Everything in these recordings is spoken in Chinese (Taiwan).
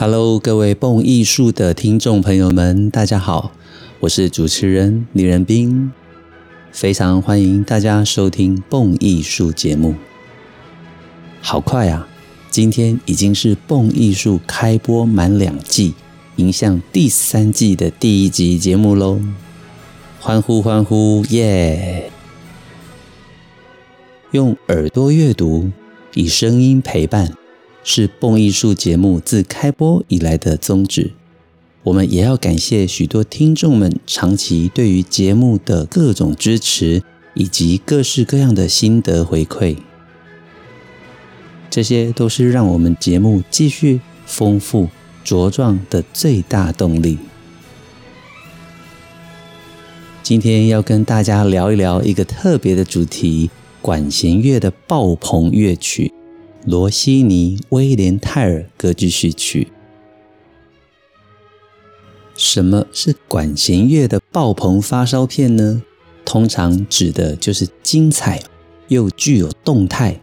Hello，各位蹦藝術的聽眾朋友們，大家好，我是主持人林仁斌，非常歡迎大家收聽蹦藝術節目。好快啊，今天已經是蹦藝術開播滿兩季，迎向第三季的第一集節目嘍！歡呼歡呼，耶、yeah!！用耳朵閱讀，以聲音陪伴。是蹦藝術節目自開播以來的宗旨。我們也要感謝許多聽眾們長期對於節目的各種支持，以及各式各樣的心得回饋。這些都是讓我們節目繼續豐富茁壯的最大動力。今天要跟大家聊一聊一個特別的主題——管弦樂的爆棚樂曲。羅西尼《威廉泰爾》歌劇序曲。什麼是管弦樂的爆棚發燒片呢？通常指的就是精彩又具有動態、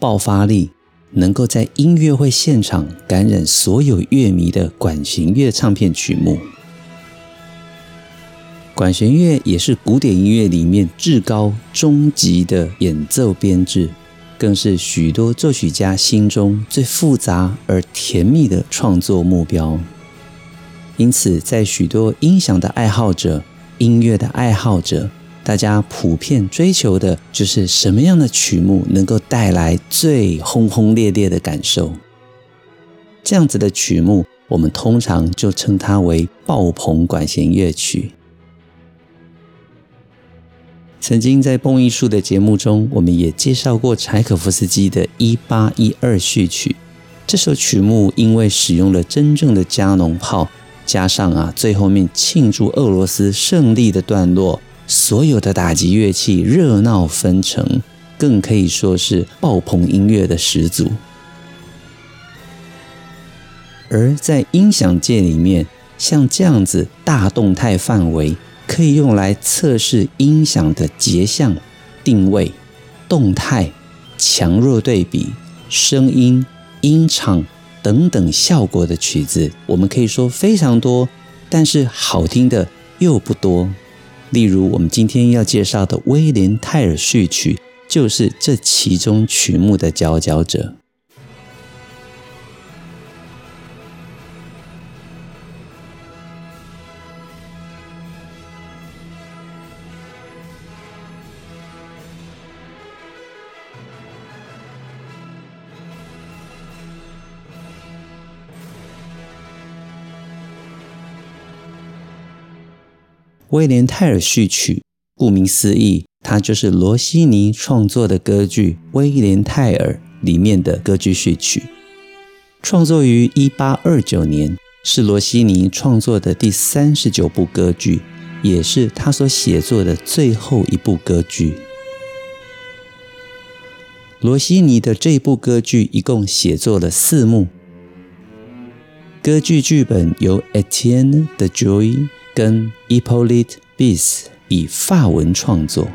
爆發力，能夠在音樂會現場感染所有樂迷的管弦樂唱片曲目。管弦樂也是古典音樂裡面至高終極的演奏編制。更是許多作曲家心中最複雜而甜蜜的創作目標。因此，在許多音響的愛好者、音樂的愛好者，大家普遍追求的就是什麼樣的曲目能夠帶來最轟轟烈烈的感受。這樣子的曲目，我們通常就稱它為爆棚管弦樂曲。曾經在《蹦藝術》的節目中，我們也介紹過柴可夫斯基的《一八一二序曲》。這首曲目因為使用了真正的加農炮，加上啊最後面慶祝俄羅斯勝利的段落，所有的打擊樂器熱鬧紛呈，更可以說是爆棚音樂的始祖。而在音響界裡面，像這樣子大動態範圍。可以用來測試音響的結像、定位、動態、強弱對比、聲音、音場等等效果的曲子，我們可以說非常多，但是好聽的又不多。例如，我們今天要介紹的威廉泰爾序曲，就是這其中曲目的佼佼者。《威廉泰爾序曲》，顧名思義，它就是羅西尼創作的歌劇《威廉泰爾》裡面的歌劇序曲。創作於1829年，是羅西尼創作的第三十九部歌劇，也是他所寫作的最後一部歌劇。羅西尼的這部歌劇一共寫作了四幕。歌劇劇本由 Étienne de Jouy 跟 Ippolyte Biss 以法文創作，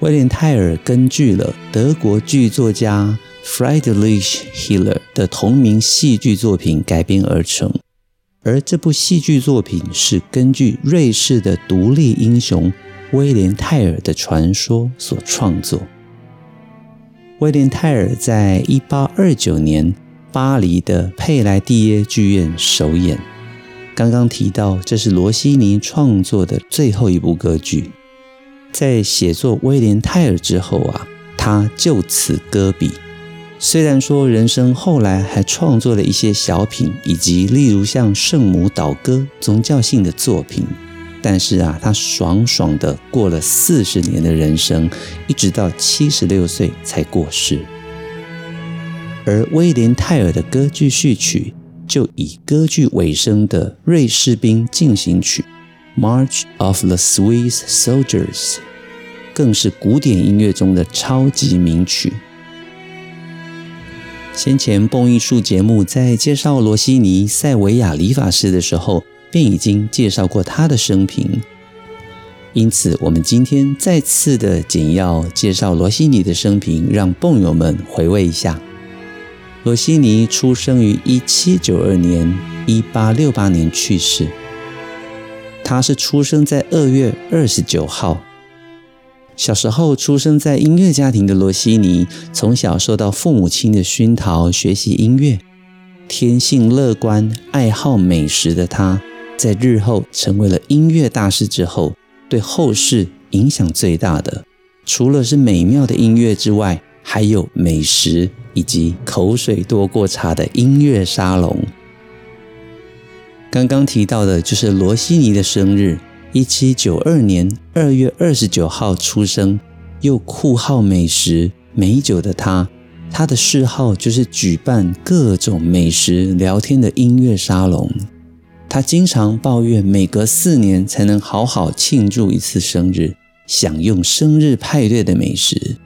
威廉泰爾根據了德國劇作家 Friedrich Schiller 的同名戲劇作品改編而成，而這部戲劇作品是根據瑞士的獨立英雄威廉泰爾的傳說所創作。威廉泰爾在一八二九年巴黎的佩萊蒂耶劇院首演。剛剛提到，這是羅西尼創作的最後一部歌劇，在寫作《威廉·泰爾》之後啊，他就此擱筆。雖然說人生後來還創作了一些小品，以及例如像《聖母悼歌》宗教性的作品，但是啊，他爽爽的過了四十年的人生，一直到七十六歲才過世。而《威廉·泰爾》的歌劇序曲，就以歌劇尾聲的《瑞士兵進行曲》（March of the Swiss Soldiers） 更是古典音樂中的超級名曲。先前蹦藝術節目在介紹羅西尼、塞維亞理髮師的時候，便已經介紹過他的生平，因此我們今天再次的簡要介紹羅西尼的生平，讓蹦友們回味一下。羅西尼出生於一七九二年，一八六八年去世。他是出生在二月二十九號。小時候出生在音樂家庭的羅西尼，從小受到父母親的熏陶學習音樂。天性樂觀、愛好美食的他，在日後成為了音樂大師之後，對後世影響最大的，除了是美妙的音樂之外，還有美食。以及口水多過茶的音樂沙龍。剛剛提到的，就是羅西尼的生日，一七九二年二月二十九號出生。又酷好美食美酒的他，他的嗜好就是舉辦各種美食聊天的音樂沙龍。他經常抱怨，每隔四年才能好好慶祝一次生日，享用生日派對的美食。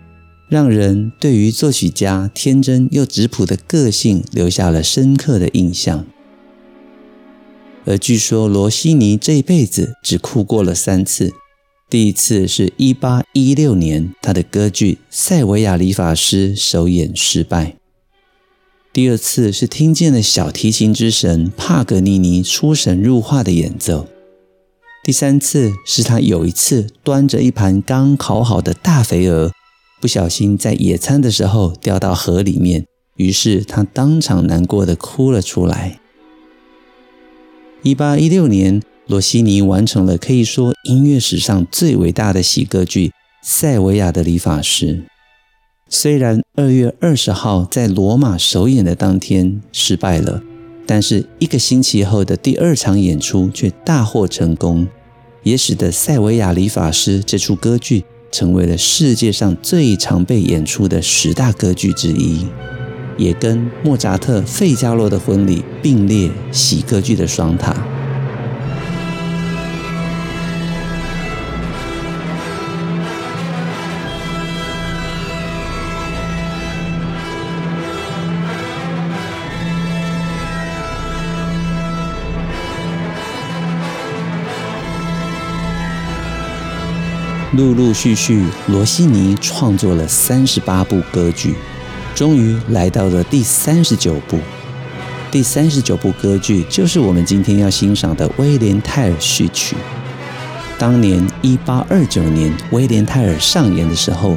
讓人對於作曲家天真又質樸的個性留下了深刻的印象。而據說羅西尼這一輩子只哭過了三次：第一次是一八一六年他的歌劇《塞維亞理髮師》首演失敗；第二次是聽見了小提琴之神帕格尼尼出神入化的演奏；第三次是他有一次端着一盤剛烤好的大肥鵝。不小心在野餐的時候掉到河裡面，於是他當場難過的哭了出來。一八一六年，羅西尼完成了可以說音樂史上最偉大的喜歌劇《塞維亞的理髮師》。雖然二月二十號在羅馬首演的當天失敗了，但是一個星期後的第二場演出卻大獲成功，也使得《塞維亞理髮師》這出歌劇，成為了世界上最常被演出的十大歌劇之一，也跟莫扎特《費加羅的婚禮》並列喜歌劇的雙塔。陸陸續續，羅西尼創作了三十八部歌劇，終於來到了第三十九部。第三十九部歌劇就是我們今天要欣賞的《威廉泰爾序曲》。當年一八二九年《威廉泰爾》上演的時候，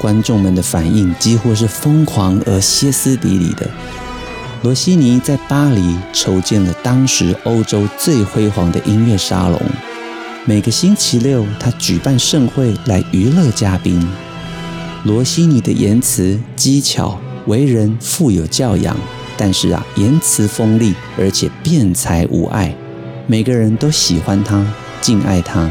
觀眾們的反應幾乎是瘋狂而歇斯底里的。羅西尼在巴黎籌建了當時歐洲最輝煌的音樂沙龍。每個星期六，他舉辦盛會來娛樂嘉賓。羅西尼的言辭機巧，為人富有教養，但是啊，言辭鋒利，而且辯才無礙。每個人都喜歡他，敬愛他。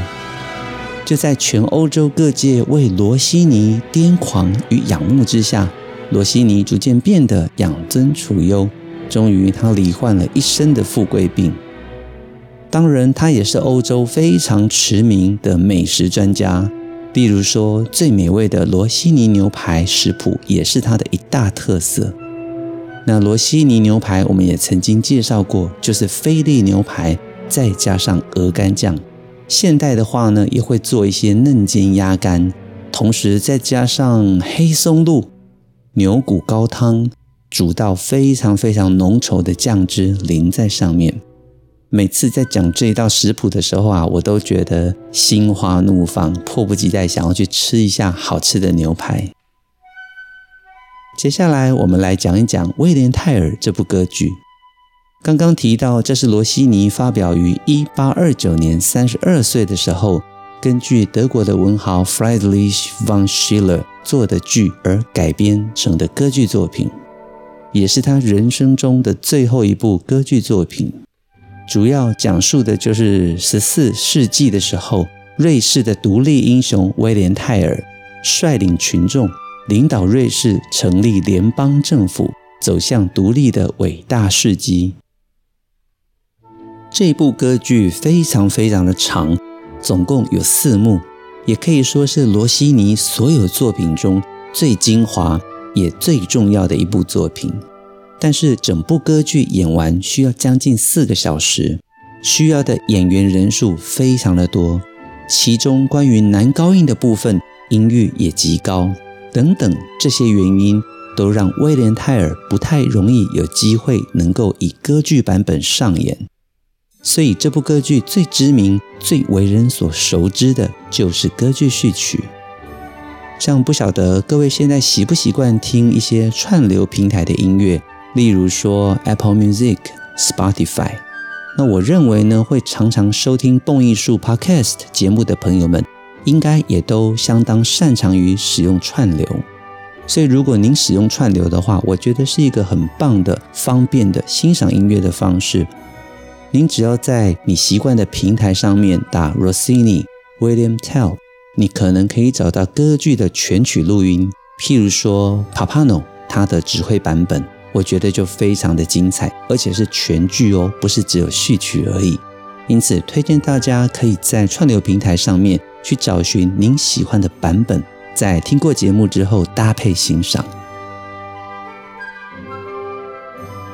就在全歐洲各界為羅西尼癲狂與仰慕之下，羅西尼逐漸變得養尊處優，終於他罹患了一身的富貴病。當然，他也是歐洲非常馳名的美食專家。例如說，最美味的羅西尼牛排食譜也是他的一大特色。那羅西尼牛排我們也曾經介紹過，就是菲力牛排再加上鵝肝醬。現代的話呢，又會做一些嫩煎鴨肝，同時再加上黑松露、牛骨高湯，煮到非常非常濃稠的醬汁淋在上面。每次在講這一道食譜的時候啊，我都覺得心花怒放，迫不及待想要去吃一下好吃的牛排。接下來，我們來講一講《威廉泰爾》這部歌劇。剛剛提到，這是羅西尼發表於一八二九年三十二歲的時候，根據德國的文豪 Friedrich von Schiller 做的劇而改編成的歌劇作品，也是他人生中的最後一部歌劇作品。主要講述的就是十四世紀的時候，瑞士的獨立英雄威廉泰爾率領群眾，領導瑞士成立聯邦政府，走向獨立的偉大事蹟。這部歌劇非常非常的長，總共有四幕，也可以說是羅西尼所有作品中最精華、也最重要的一部作品。但是整部歌劇演完需要將近四個小時，需要的演員人數非常的多，其中關於男高音的部分音域也極高，等等這些原因都讓威廉泰爾不太容易有機會能夠以歌劇版本上演。所以這部歌劇最知名、最為人所熟知的就是歌劇序曲。像不曉得各位現在習不習慣聽一些串流平台的音樂？例如說，Apple Music、Spotify，那我認為呢，會常常收聽“蹦藝術 ”Podcast 節目的朋友們，應該也都相當擅長於使用串流。所以，如果您使用串流的話，我覺得是一個很棒的、方便的欣賞音樂的方式。您只要在你習慣的平台上面打 Rossini、William Tell，你可能可以找到歌劇的全曲錄音，譬如說，Papano 他的指揮版本。我覺得就非常的精彩，而且是全劇哦，不是只有序曲而已。因此，推薦大家可以在串流平台上面去找尋您喜歡的版本，在聽過節目之後搭配欣賞。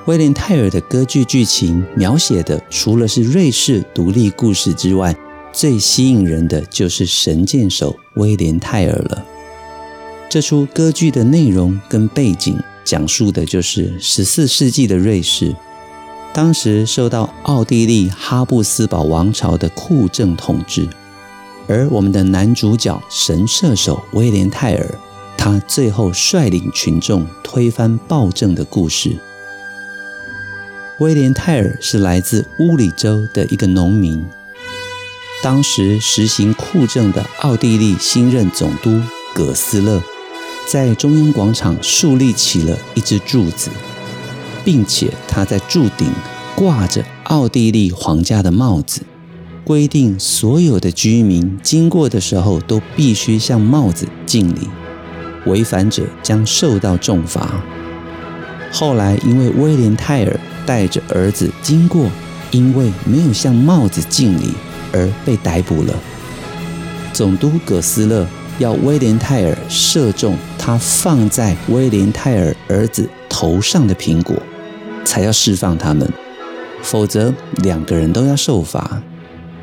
威廉泰爾的歌劇劇情描寫的除了是瑞士獨立故事之外，最吸引人的就是神箭手威廉泰爾了。這出歌劇的內容跟背景，講述的就是十四世紀的瑞士，當時受到奧地利哈布斯堡王朝的酷政統治，而我們的男主角神射手威廉泰爾，他最後率領群眾推翻暴政的故事。威廉泰爾是來自烏里州的一個農民，當時實行酷政的奧地利新任總督葛斯勒。在中央廣場樹立起了一支柱子，並且他在柱頂掛着奧地利皇家的帽子，規定所有的居民經過的時候都必須向帽子敬禮，違反者將受到重罰。後來因為威廉泰爾帶着兒子經過，因為沒有向帽子敬禮而被逮捕了。總督葛斯勒要威廉泰爾射中。他放在威廉泰爾兒子頭上的蘋果，才要釋放他們，否則兩個人都要受罰。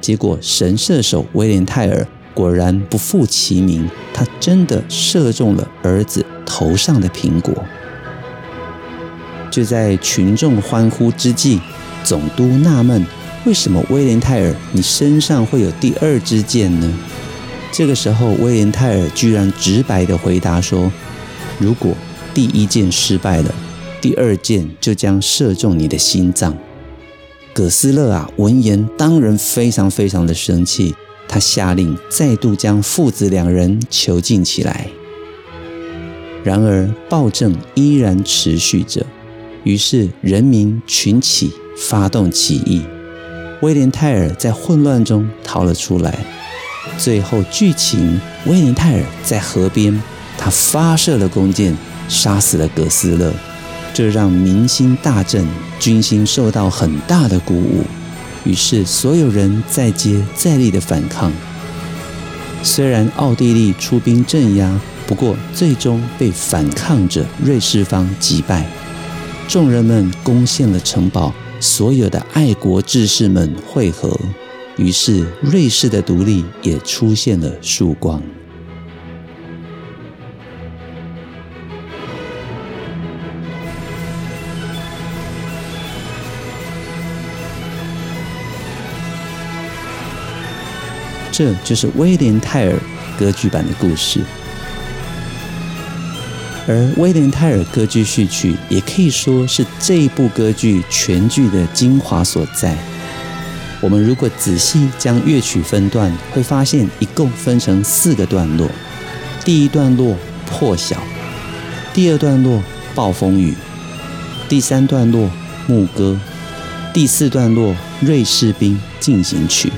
結果神射手威廉泰爾果然不負其名，他真的射中了兒子頭上的蘋果。就在群眾歡呼之際，總督納悶：為什麼威廉泰爾你身上會有第二支箭呢？這個時候，威廉泰爾居然直白的回答說：“如果第一箭失敗了，第二箭就將射中你的心臟。”葛斯勒啊，聞言當然非常非常的生氣，他下令再度將父子兩人囚禁起來。然而暴政依然持續着，於是人民群起發動起義，威廉泰爾在混亂中逃了出來。最後，劇情：威廉泰爾在河邊，他發射了弓箭，殺死了格斯勒，這讓民心大振，軍心受到很大的鼓舞。於是，所有人再接再厲地反抗。雖然奧地利出兵鎮壓，不過最終被反抗者瑞士方擊敗。眾人們攻陷了城堡，所有的愛國志士們匯合。於是，瑞士的獨立也出現了曙光。這就是威廉泰爾歌劇版的故事，而威廉泰爾歌劇序曲也可以說是這部歌劇全劇的精華所在。我們如果仔細將樂曲分段，會發現一共分成四個段落：第一段落破曉，第二段落暴風雨，第三段落牧歌，第四段落瑞士兵進行曲。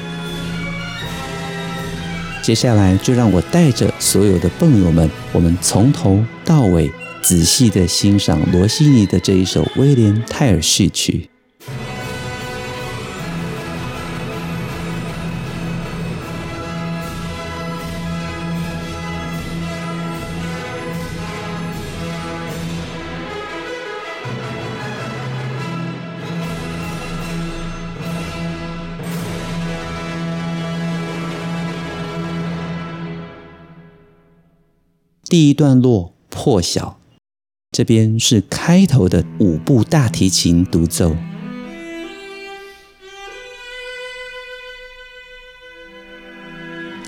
接下來就讓我帶着所有的蹦友們，我們從頭到尾仔細地欣賞羅西尼的這一首《威廉·泰爾序曲》。第一段落破曉，這邊是開頭的五部大提琴獨奏，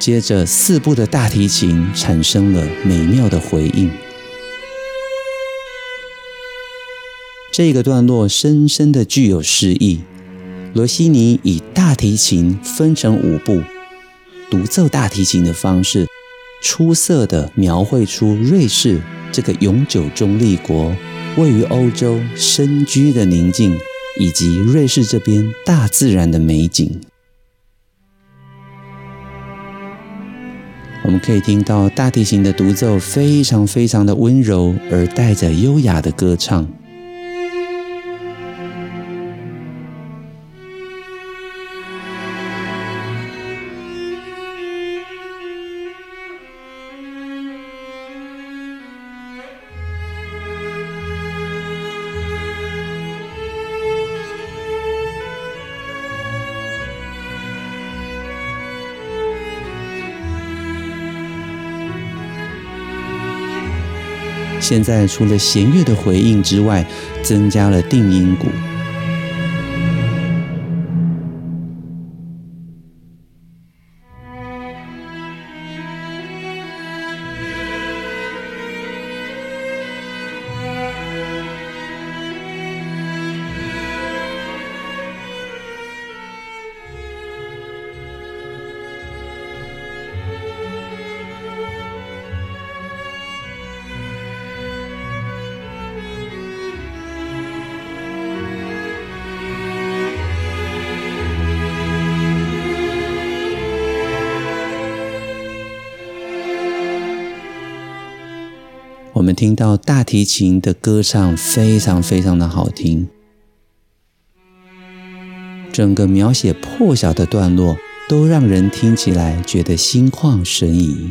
接着四部的大提琴產生了美妙的回應。這個段落深深的具有詩意。羅西尼以大提琴分成五部獨奏大提琴的方式。出色的描繪出瑞士這個永久中立國位於歐洲深居的寧靜，以及瑞士這邊大自然的美景。我們可以聽到大提琴的獨奏，非常非常的溫柔，而帶着優雅的歌唱。現在除了弦樂的回應之外，增加了定音鼓。我們聽到大提琴的歌唱非常非常的好聽，整個描寫破曉的段落都讓人聽起來覺得心曠神怡。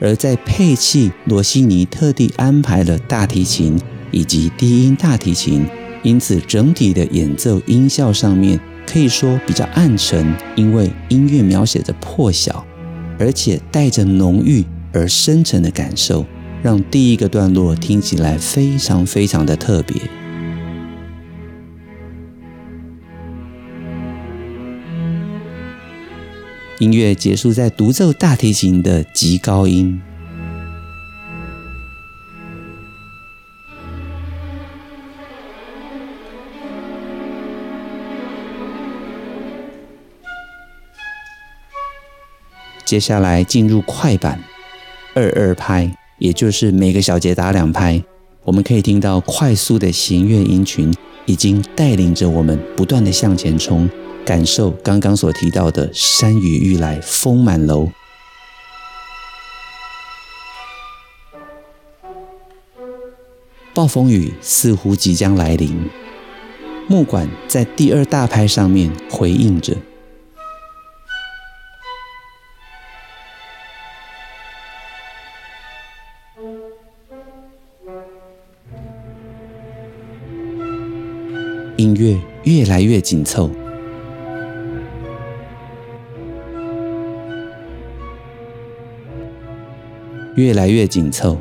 而在配器，羅西尼特地安排了大提琴以及低音大提琴，因此整體的演奏音效上面可以說比較暗沉，因為音樂描寫著破曉。而且帶着濃郁而深沉的感受，讓第一個段落聽起來非常非常的特別。音樂結束在獨奏大提琴的極高音。接下來進入快板，二二拍，也就是每個小節打兩拍。我們可以聽到快速的弦樂音群已經帶領着我們不斷的向前衝，感受剛剛所提到的“山雨欲來風滿樓”，暴風雨似乎即將來臨。木管在第二大拍上面回應着。音樂越來越緊湊，越來越緊湊。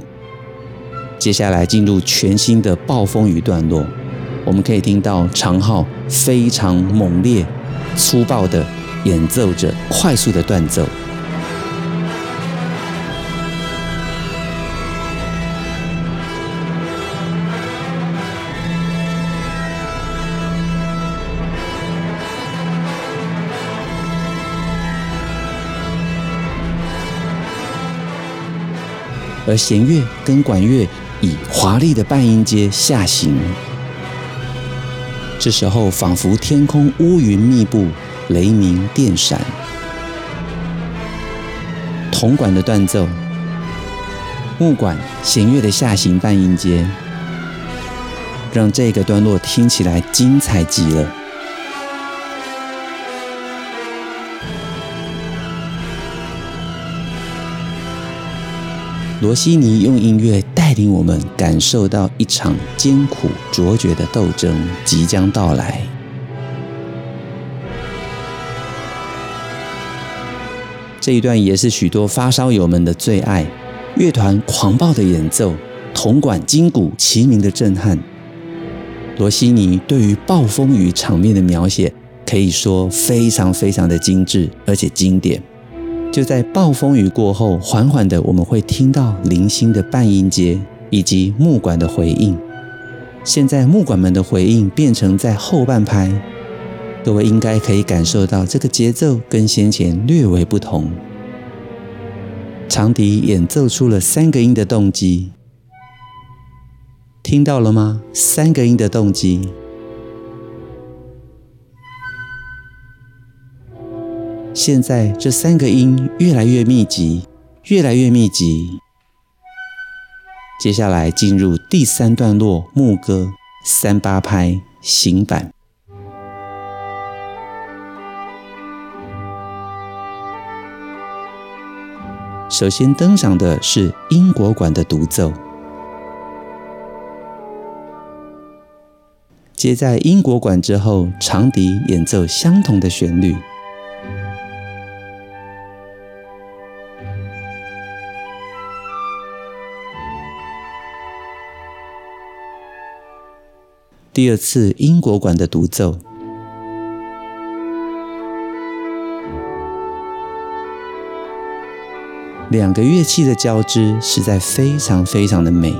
接下來進入全新的暴風雨段落，我們可以聽到長號非常猛烈、粗暴的演奏着快速的斷奏。而弦樂跟管樂以華麗的半音階下行，這時候仿佛天空烏雲密布，雷鳴電閃。銅管的斷奏，木管、弦樂的下行半音階，讓這個段落聽起來精彩極了。羅西尼用音樂帶領我們感受到一場艱苦卓絕的鬥爭即將到來。這一段也是許多發燒友們的最愛，樂團狂暴的演奏，銅管、金鼓齊鳴的震撼。羅西尼對於暴風雨場面的描寫，可以說非常非常的精緻，而且經典。就在暴風雨過後，緩緩的，我們會聽到零星的半音階以及木管的回應。現在木管們的回應變成在後半拍，各位應該可以感受到這個節奏跟先前略為不同。長笛演奏出了三個音的動機，聽到了嗎？三個音的動機。現在這三個音越來越密集，越來越密集。接下來進入第三段落，牧歌三八拍行板。首先登場的是英國管的獨奏，接在英國管之後，長笛演奏相同的旋律。第二次英國管的獨奏，兩個樂器的交織實在非常非常的美。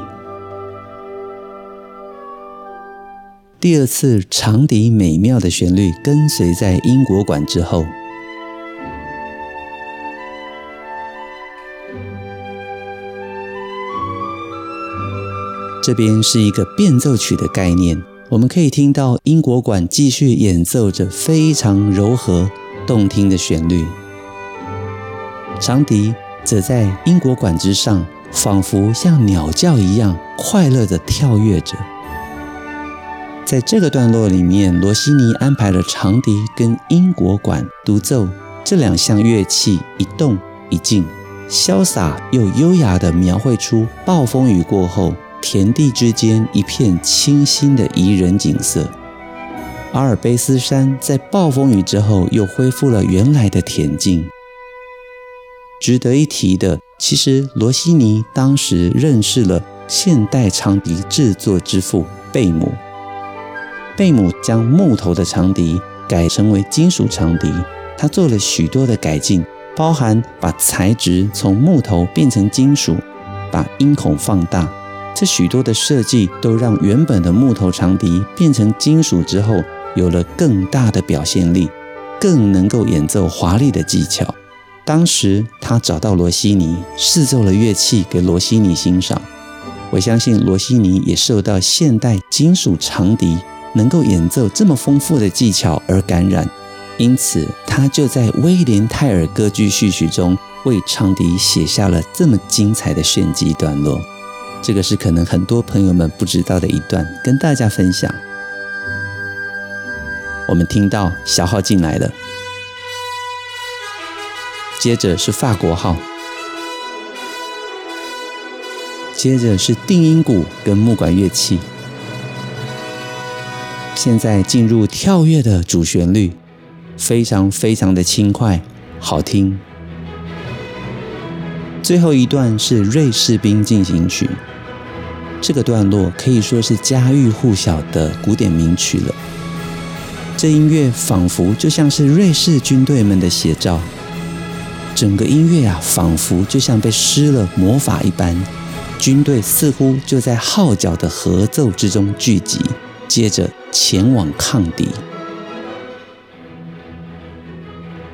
第二次長笛美妙的旋律跟隨在英國管之後，這邊是一個變奏曲的概念。我們可以聽到英國管繼續演奏着非常柔和、動聽的旋律，長笛則在英國管之上，仿佛像鳥叫一樣快樂地跳躍着。在這個段落裡面，羅西尼安排了長笛跟英國管獨奏這兩項樂器，一動一靜，瀟灑又優雅地描繪出暴風雨過後田地之間一片清新的宜人景色。阿爾卑斯山在暴風雨之後又恢復了原來的恬靜。值得一提的，其實羅西尼當時認識了現代長笛製作之父貝姆。貝姆將木頭的長笛改成為金屬長笛，他做了許多的改進，包含把材質從木頭變成金屬，把音孔放大。這許多的設計都讓原本的木頭長笛變成金屬之後，有了更大的表現力，更能夠演奏華麗的技巧。當時他找到羅西尼，試奏了樂器給羅西尼欣賞。我相信羅西尼也受到現代金屬長笛能夠演奏這麼豐富的技巧而感染，因此他就在《威廉泰爾歌劇序曲》中為長笛寫下了這麼精彩的炫技段落。這個是可能很多朋友們不知道的一段，跟大家分享。我們聽到小號進來了，接着是法國號，接着是定音鼓跟木管樂器。現在進入跳躍的主旋律，非常非常的輕快，好聽。最後一段是瑞士兵進行曲。這個段落可以說是家喻戶曉的古典名曲了。這音樂仿佛就像是瑞士軍隊們的寫照，整個音樂啊，仿佛就像被施了魔法一般，軍隊似乎就在號角的合奏之中聚集，接着前往抗敵。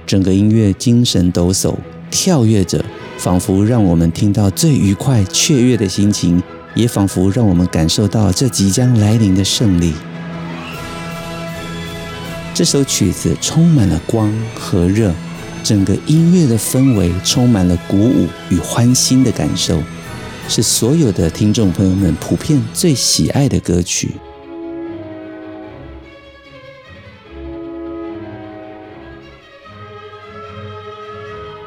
整個音樂精神抖擻，跳躍着，仿佛讓我們聽到最愉快、雀躍的心情。也仿佛讓我們感受到這即將來臨的勝利。這首曲子充滿了光和熱，整個音樂的氛圍充滿了鼓舞與歡欣的感受，是所有的聽眾朋友們普遍最喜愛的歌曲。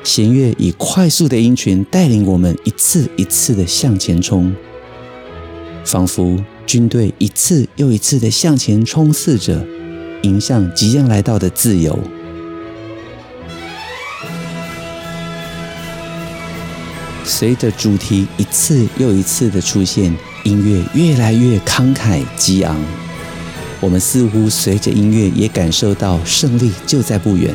弦樂以快速的音群帶領我們一次一次的向前衝。仿佛軍隊一次又一次的向前衝刺着，迎向即將來到的自由。隨着主題一次又一次的出現，音樂越來越慷慨激昂。我們似乎隨着音樂也感受到勝利就在不遠。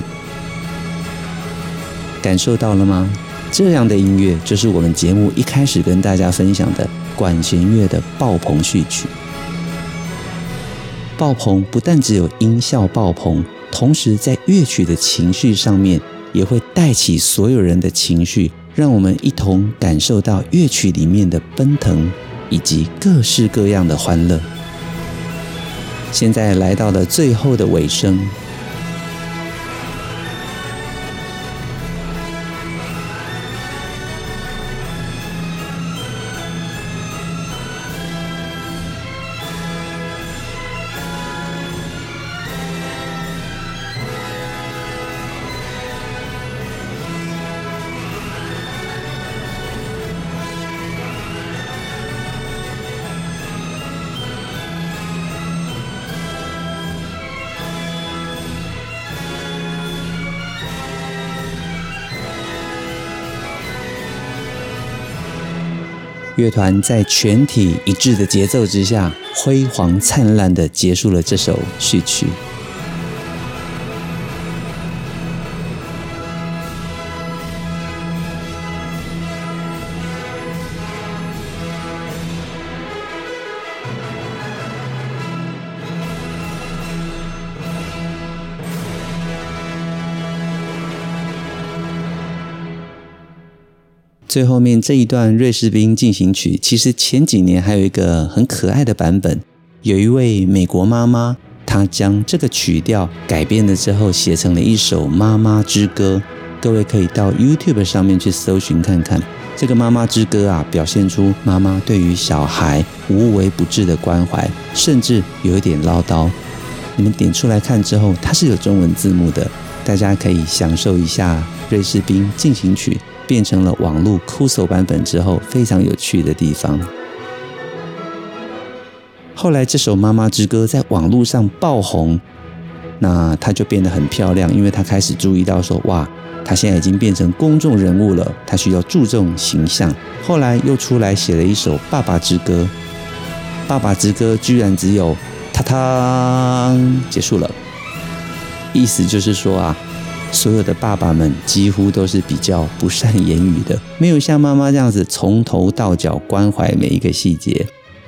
感受到了嗎？這樣的音樂就是我們節目一開始跟大家分享的。管弦樂的爆棚序曲，爆棚不但只有音效爆棚，同時在樂曲的情緒上面也會帶起所有人的情緒，讓我們一同感受到樂曲裡面的奔騰以及各式各樣的歡樂。現在來到了最後的尾聲。樂團在全體，一致的節奏之下，輝煌燦爛地結束了這首序曲。最後面這一段《瑞士兵進行曲》，其實前幾年還有一個很可愛的版本，有一位美國媽媽，她將這個曲調改變了之後，寫成了一首《媽媽之歌》。各位可以到 YouTube 上面去搜尋看看，這個《媽媽之歌》啊，表現出媽媽對於小孩無微不至的關懷，甚至有一點嘮叨。你們點出來看之後，它是有中文字幕的，大家可以享受一下《瑞士兵進行曲》。變成了網絡酷搜版本之後，非常有趣的地方。後來這首《媽媽之歌》在網絡上爆紅，那她就變得很漂亮，因為她開始注意到說，哇，她現在已經變成公眾人物了，她需要注重形象。後來又出來寫了一首爸爸之歌《爸爸之歌》，《爸爸之歌》居然只有“他他”結束了，意思就是說啊。所有的爸爸們幾乎都是比較不善言語的，沒有像媽媽這樣子從頭到腳關懷每一個細節。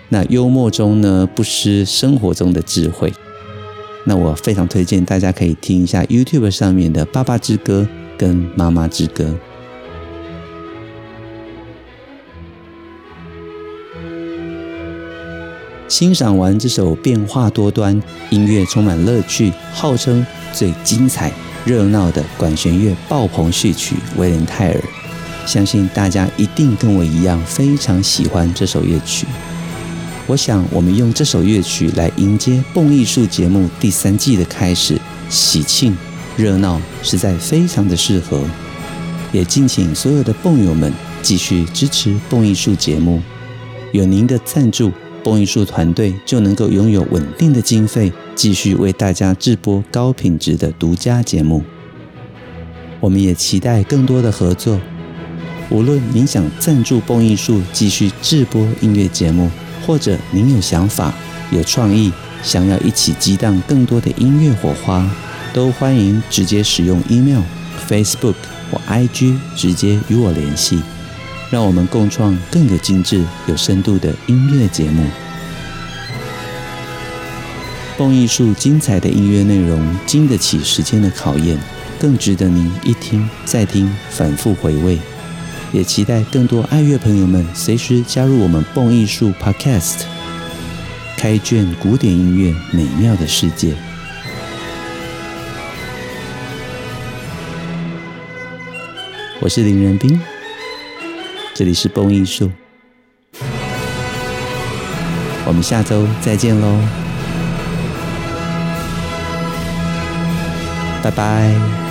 那幽默中呢，不失生活中的智慧。那我非常推薦大家可以聽一下 YouTube 上面的《爸爸之歌》跟《媽媽之歌》。欣賞完這首變化多端、音樂充滿樂趣、號稱最精彩、熱鬧的管弦樂爆棚序曲《威廉泰爾》，相信大家一定跟我一樣非常喜歡這首樂曲。我想，我們用這首樂曲來迎接《蹦藝術》節目第三季的開始，喜慶熱鬧實在非常的適合。也敬請所有的蹦友們繼續支持《蹦藝術》節目，有您的贊助。蹦藝術團隊就能夠擁有穩定的經費，繼續為大家製播高品質的獨家節目。我們也期待更多的合作。無論您想贊助蹦藝術繼續製播音樂節目，或者您有想法、有創意，想要一起激盪更多的音樂火花，都歡迎直接使用 Email、Facebook 或 IG 直接與我聯繫。讓我們共創更有精致、有深度的音樂節目。蹦藝術精彩的音樂內容經得起時間的考驗，更值得您一聽再聽，反復回味。也期待更多愛樂朋友們隨時加入我們蹦藝術 Podcast，開卷古典音樂美妙的世界。我是林仁斌。這裡是蹦藝術，我們下周再見嘍，拜拜。